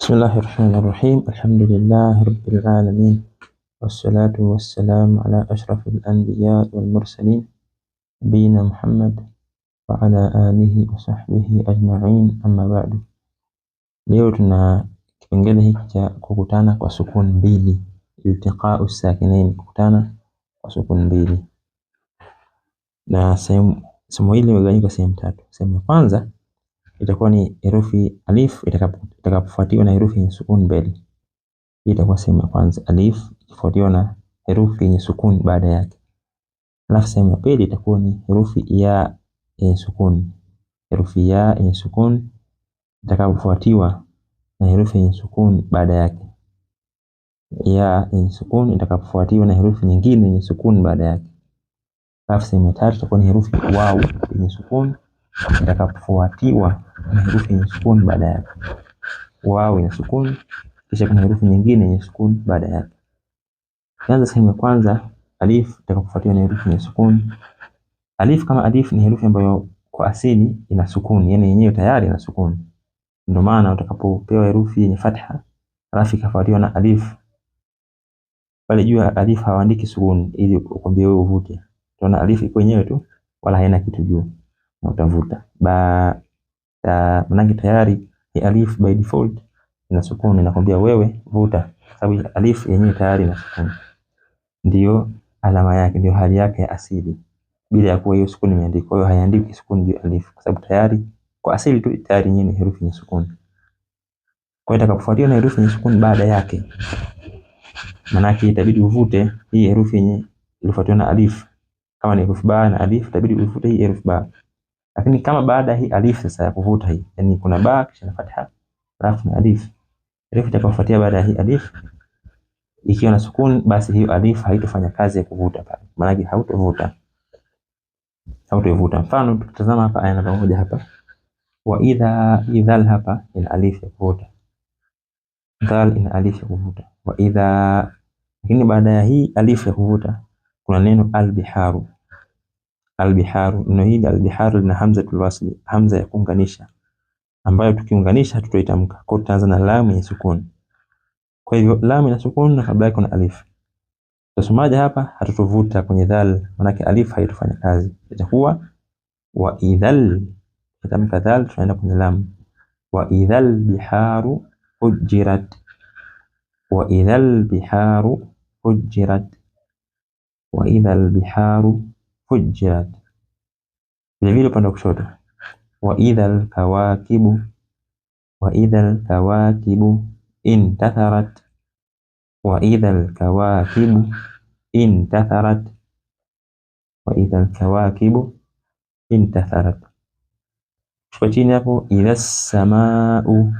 بسم الله الرحمن الرحيم الحمد لله رب العالمين والصلاة والسلام على أشرف الأنبياء والمرسلين نبينا محمد وعلى آله وصحبه أجمعين أما بعد ليوتنا كبنجله كوكوتانا وسكون بيلي التقاء الساكنين كوكوتانا وسكون بيلي نا سيم سمويلي وغاني كسيم تاتو سيم فانزا itakuwa ni herufi alif itakapofuatiwa na herufi yenye sukun mbele. Hii itakuwa sehemu ya kwanza, alif ikifuatiwa na herufi yenye sukun baada yake. Alafu sehemu ya pili itakuwa ni herufi ya yenye sukun, herufi ya yenye sukun itakapofuatiwa na herufi yenye sukun baada yake, ya yenye sukun itakapofuatiwa na herufi nyingine yenye sukun baada yake. Alafu sehemu ya tatu itakuwa ni herufi wau yenye sukun itakapofuatiwa kuna herufi yenye sukuni baada yake, wao ina sukuni, kisha kuna herufi nyingine yenye sukuni baada yake. Kwanza, sehemu ya kwanza, alif itakapofuatiwa na herufi yenye sukuni. Alif kama alif ni herufi ambayo kwa asili ina sukuni, yani yenyewe tayari ina sukuni. Ndio maana utakapopewa herufi yenye fatha alafu ikafuatiwa na alif, pale juu ya alif hawaandiki sukuni ili ukwambie wewe uvute. Tunaona alif iko yenyewe tu, wala haina kitu juu, na utavuta ba ta, manake tayari ya alif by default ina sukuni, nakwambia wewe vuta, sababu alif yenyewe tayari ina sukuni, ndio alama yake, ndio hali yake ya asili, bila ya kuwa hiyo sukuni imeandikwa. hiyo haiandiki sukuni juu alif, kwa sababu tayari kwa asili tu tayari yenyewe ni herufi ya sukuni. Kwa hiyo itakapofuatiwa na herufi ya sukuni baada yake, manake itabidi uvute hii herufi yenye ilifuatiwa na alif. Kama ni herufi ba na alif, itabidi uvute hii herufi ba. Lakini kama baada hii alif sasa ya kuvuta hii, yani kuna ba kisha na fatha alafu na alif, alif itakayofuatia baada ya hii alif ikiwa na sukun, basi hiyo alif haitofanya kazi ya kuvuta pale, maana yake hautovuta hautovuta. Mfano tukitazama hapa aya namba moja hapa wa idha idhal, hapa ina alif ya kuvuta dhal, ina alif ya kuvuta wa idha. Lakini baada ya hii alif ya kuvuta kuna neno albiharu albiharu. Neno hili albiharu lina hamzatul wasli, hamza ya kuunganisha ambayo tukiunganisha hatutoitamka. Kwa hiyo tutaanza na lam ya sukun. Kwa hivyo lam ina sukun na kabla yake kuna alif. Tusomaje hapa? Hatutovuta kwenye dhal, maanake alif haitofanya kazi, itakuwa wa idhal. Tutamka dhal, tunaenda kwenye lam. Wa idhal biharu ujirat, wa idhal biharu ujirat, wa idhal biharu Hujjat, vilevile upande wa kushoto wa idhal kawakibu wa idhal kawakibu intatharat wa idhal kawakibu intatharat wa idhal kawakibu intatharat. Shuka chini hapo, idha samau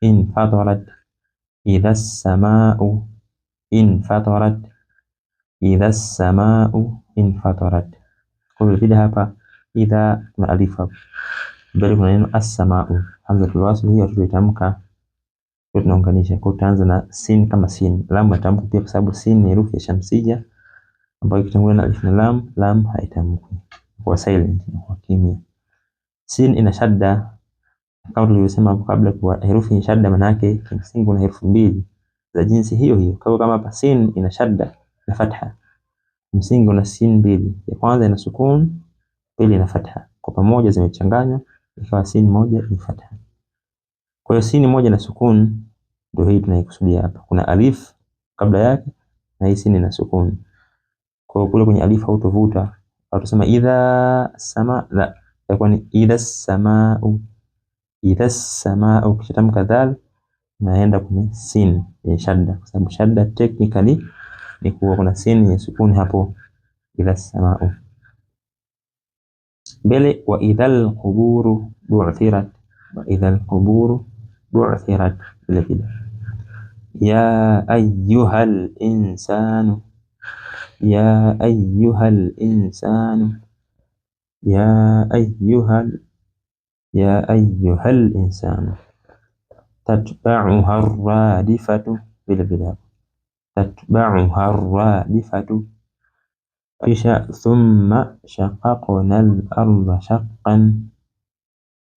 infatarat idha samau infatarat idha samau infatarat Kwa hivyo vile hapa idha na alifa bali kuna neno as-samau, hamzatul wasl hiyo tutaitamka kwa tunaunganisha kwa tutaanza na sin kama sin. Lam natamka pia kwa sababu sin ni herufi ya shamsia ambayo ikitangulia na alif na lam, lam haitamkwi kwa silent, kwa kimya. Sin ina shadda kama tulivyosema hapo kabla, kwa herufi yenye shadda maana yake kimsingi kuna herufi mbili za jinsi hiyo hiyo. Kwa kama hapa sin ina shadda na fatha Msingi una sin mbili, ya kwanza ina sukun, pili ina fatha, kwa pamoja zimechanganywa ikawa sin moja ni fatha. Kwa hiyo sin moja na sukun ndio hii tunayokusudia hapa. Kuna alif kabla yake na hii sin ina sukun. Kwa hiyo kule kwenye alif hautovuta, tusema idha sama, la, itakuwa ni idha samau, idha samau. Kisha tamka dhal, naenda kwenye sin ya shadda, kwa sababu shadda technically likuwa kuna sin yenye sukuni hapo idha samau mbele wa idhal quburu bu'thirat wa idhal quburu bu'thirat vile vile ya ayyuhal insanu ya ayyuhal insanu ya ayyuhal ya ayyuhal insanu tatba'uha ar-radifatu vile vile hapo تتبعها الرادفة ثم شققنا الأرض شقا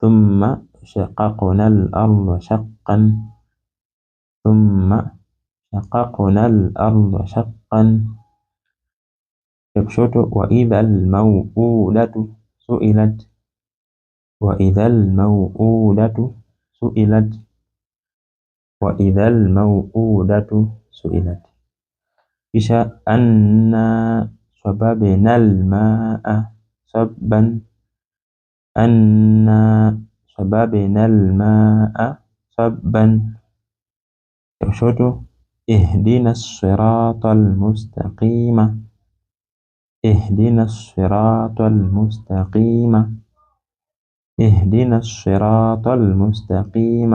ثم شققنا الأرض شقا ثم شققنا الأرض شقا يبشط وإذا الموؤولة سئلت وإذا الموؤولة سئلت وإذا الموؤولة سئلت أنا صببنا الماء صبا أنا صببنا الماء صبا يشوته اهدنا الصراط المستقيم اهدنا الصراط المستقيم اهدنا الصراط المستقيم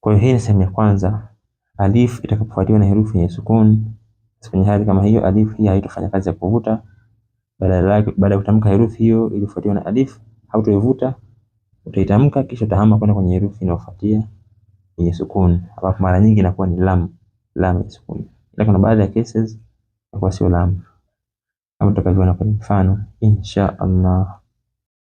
kwa hiyo hii ni sehemu ya kwanza alif itakapofuatiwa na herufi ya sukun, kwenye hali kama hiyo alif hii haitofanya kazi ya kuvuta. Badala yake, baada ya kutamka herufi hiyo iliyofuatiwa na alif, hautoivuta, utaitamka kisha utahama kwenda kwenye herufi inayofuatia yenye sukun, ambapo mara nyingi inakuwa ni lam, lam ya sukun, ila kuna baadhi ya cases inakuwa sio lam, kama tutakavyoona kwenye mfano insha Allah.